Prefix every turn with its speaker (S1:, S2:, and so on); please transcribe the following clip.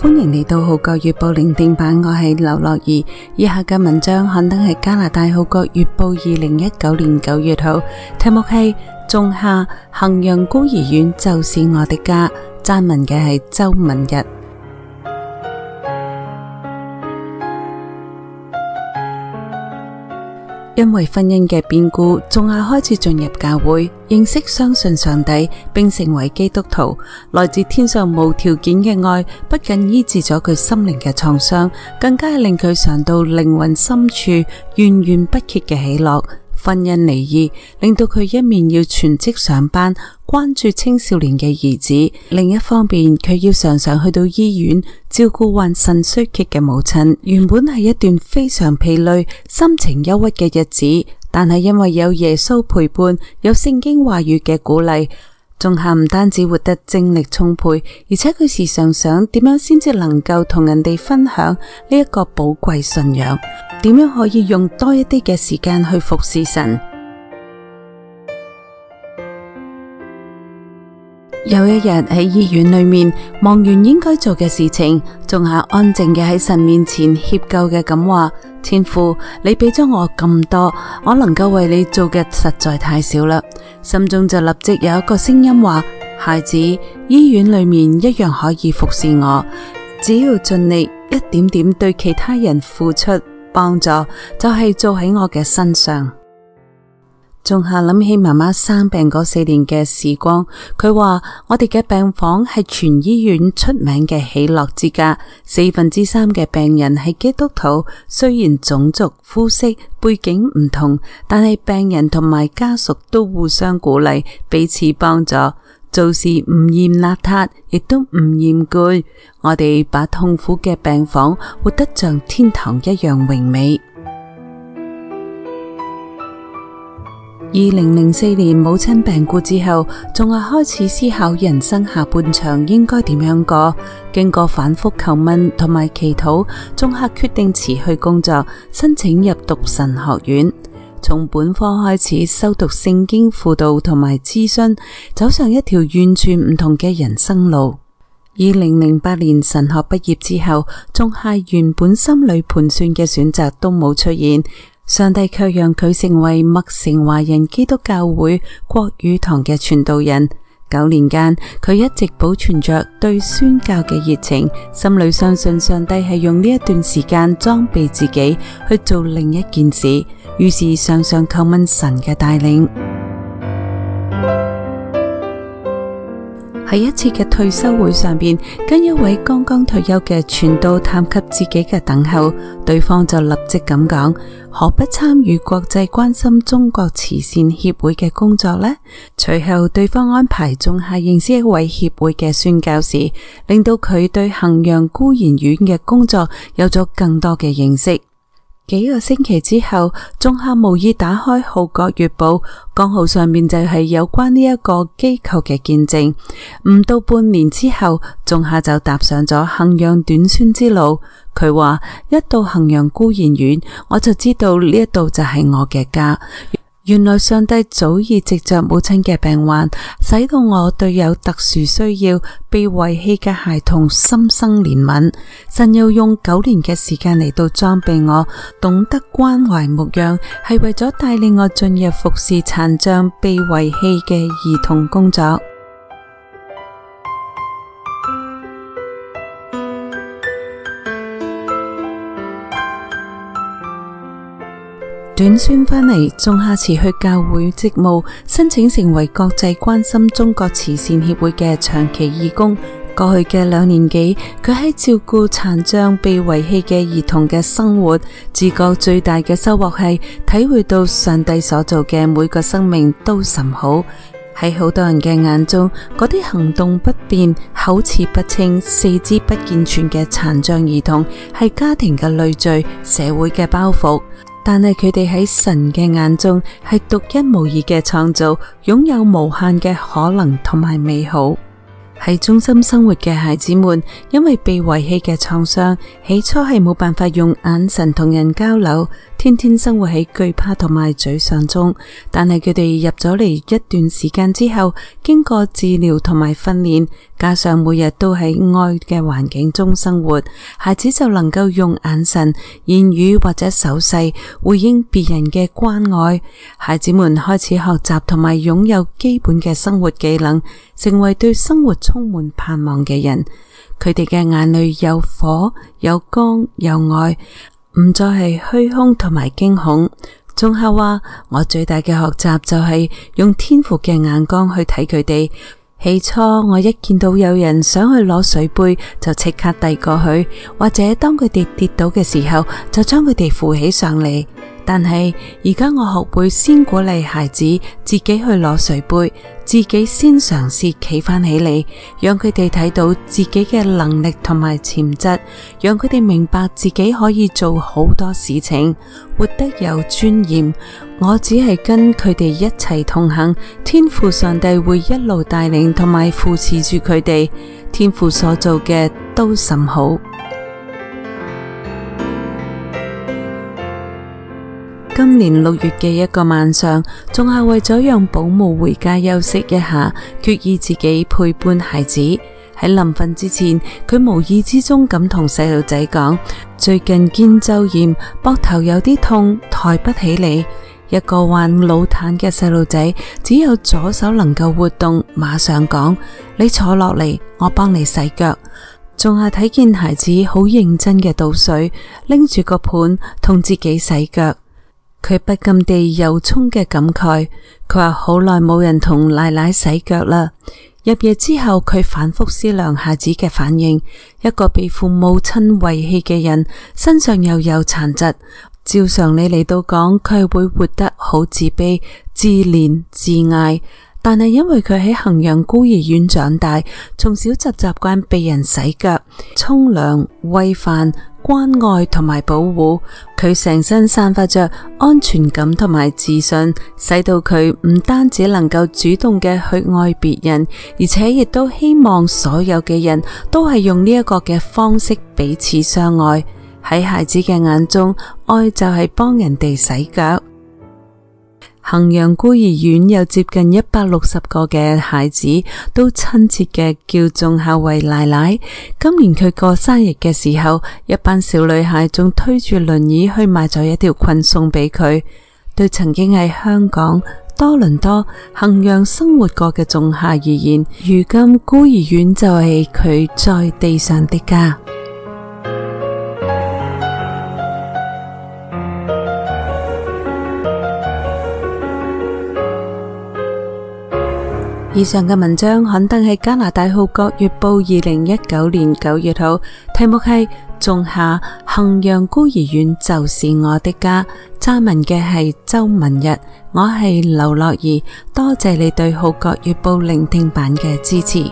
S1: 歡迎嚟到《號角月報》零電版，我係劉樂儀。以下嘅文章刊登係加拿大《號角月報》二零一九年九月號，題目係《仲夏衡陽孤兒院就是我的家》，撰文嘅係周文日。因為婚姻嘅變故，仲夏開始進入教會，認識、相信上帝，並成為基督徒。來自天上無條件嘅愛，不僅醫治咗佢心靈嘅創傷，更加令佢嘗到靈魂深處源源不竭嘅喜樂。婚姻離異令到佢一面要全職上班，關注青少年嘅兒子；另一方面，佢要常常去到醫院照顧患腎衰竭嘅母親。原本係一段非常疲累、心情憂鬱嘅日子，但係因為有耶穌陪伴，有聖經話語嘅鼓勵。仲夏唔單止活得精力充沛，而且佢時常想點樣先至能夠同人哋分享呢一個寶貴信仰，點樣可以用多一啲嘅時間去服侍神。有一日喺醫院裏面望完應該做嘅事情，仲係安靜嘅喺神面前歉疚嘅咁話：天父，你俾咗我咁多，我能夠為你做嘅實在太少啦。心中就立即有一個聲音話：孩子，醫院裏面一樣可以服侍我，只要盡力一點點對其他人付出幫助，就係做喺我嘅身上。仲夏諗起媽媽生病嗰四年嘅時光，佢話我哋嘅病房係全醫院出名嘅喜樂之家，四分之三嘅病人係基督徒，雖然種族、膚色、背景唔同，但係病人同埋家屬都互相鼓勵，彼此幫助，做事唔嫌邋遢，亦都唔嫌攰，我哋把痛苦嘅病房活得像天堂一樣榮美。二零零四年母親病故之後，仲夏開始思考人生下半場應該點樣過。經過反復求問同埋祈禱，仲夏決定辭去工作，申請入讀神學院，從本科開始修讀聖經輔導同埋諮詢，走上一條完全唔同嘅人生路。二零零八年神學畢業之後，仲夏原本心裏盤算嘅選擇都冇出現。上帝卻讓佢成為麥城華人基督教會國語堂嘅傳道人。九年間，佢一直保存着對宣教嘅熱情，心裏相信上帝係用呢一段時間裝備自己去做另一件事。於是，常常叩問神嘅帶領。喺一次嘅退休會上邊，跟一位剛剛退休嘅傳道談及自己嘅等候，對方就立即咁講：何不參與國際關心中國慈善協會嘅工作咧？隨後，對方安排仲夏認識一位協會嘅宣教士，令到佢對衡陽孤兒院嘅工作有咗更多嘅認識。幾個星期之後，仲夏無意打開《號角月報》，剛好上面就係有關呢一個機構嘅見證。唔到半年之後，仲夏就踏上咗衡陽短宣之路。佢話，一到衡陽孤兒院，我就知道呢一度就係我嘅家。原來上帝早已藉著母親嘅病患，使到我對有特殊需要、被遺棄嘅孩童心生憐憫。神又用九年嘅時間嚟到裝備我，懂得關懷牧養，係為咗帶領我進入服侍殘障、被遺棄嘅兒童工作。轉宣翻嚟，仲下次去教會職務，申請成為國際關心中國慈善協會嘅長期義工。過去嘅兩年幾，佢喺照顧殘障被遺棄嘅兒童嘅生活，自覺最大嘅收穫係體會到上帝所做嘅每個生命都甚好。喺好多人嘅眼中，嗰啲行動不便、口齒不清、四肢不健全嘅殘障兒童係家庭嘅累贅、社會嘅包袱。但係佢哋喺神嘅眼中係獨一無二嘅創造，擁有無限嘅可能同埋美好。喺中心生活嘅孩子們，因為被遺棄嘅創傷，起初係冇辦法用眼神同人交流，天天生活喺懼怕同埋沮喪中。但係佢哋入咗嚟，一段時間之後，經過治療同埋訓練。加上每日都喺愛嘅環境中生活，孩子就能夠用眼神、言語或者手勢回應別人嘅關愛。孩子們開始學習同埋擁有基本嘅生活技能，成為對生活充滿盼望嘅人。佢哋嘅眼裏有火、有光、有愛，唔再係虛空同埋驚恐。仲係話我最大嘅學習就係用天父嘅眼光去睇佢哋。起初我一見到有人想去攞水杯，就即刻遞過去；或者當佢哋跌跌倒嘅時候，就將佢哋扶起上嚟。但係而家我學會先鼓勵孩子自己去攞水杯，自己先嘗試企返起嚟，讓佢哋睇到自己嘅能力同埋潛質，讓佢哋明白自己可以做好多事情，活得有尊嚴。我只係跟佢哋一齊同行，天父上帝會一路帶領同埋扶持住佢哋。天父所做嘅都甚好。今年六月嘅一個晚上，仲夏為咗讓保姆回家休息一下，決意自己陪伴孩子。喺臨瞓之前，佢無意之中咁同細路仔講：最近肩周炎，膊頭有啲痛，抬不起嚟。一個患腦癱嘅細路仔，只有左手能夠活動，馬上講：你坐落嚟，我幫你洗腳。仲夏睇見孩子好認真嘅倒水，拎住個盤同自己洗腳。佢不禁地由衷嘅感慨，佢話好耐冇人同奶奶洗腳啦。入夜之後，佢反覆思量孩子嘅反應。一個被父母親遺棄嘅人，身上又有殘疾，照常理嚟到講，佢會活得好自卑、自憐、自艾。但係因為佢喺衡陽孤兒院長大，從小就習慣被人洗腳、沖涼、餵飯、關愛同埋保護，佢成身散發着安全感同埋自信，使到佢唔單止能夠主動嘅去愛別人，而且亦都希望所有嘅人都係用呢一個嘅方式彼此相愛。喺孩子嘅眼中，愛就係幫人哋洗腳。衡陽孤兒院有接近一百六十個嘅孩子，都親切嘅叫仲夏為奶奶。今年佢過生日嘅時候，一班小女孩仲推住輪椅去買咗一條裙送俾佢。對曾經喺香港、多倫多、衡陽生活過嘅仲夏而言，如今孤兒院就係佢在地上的家。以上嘅文章刊登喺加拿大《號角月報》二零一九年九月號，題目係《仲夏衡陽孤兒院就是我的家》，撰文嘅係周文日，我係劉樂兒，多謝你對《號角月報》聆聽版嘅支持。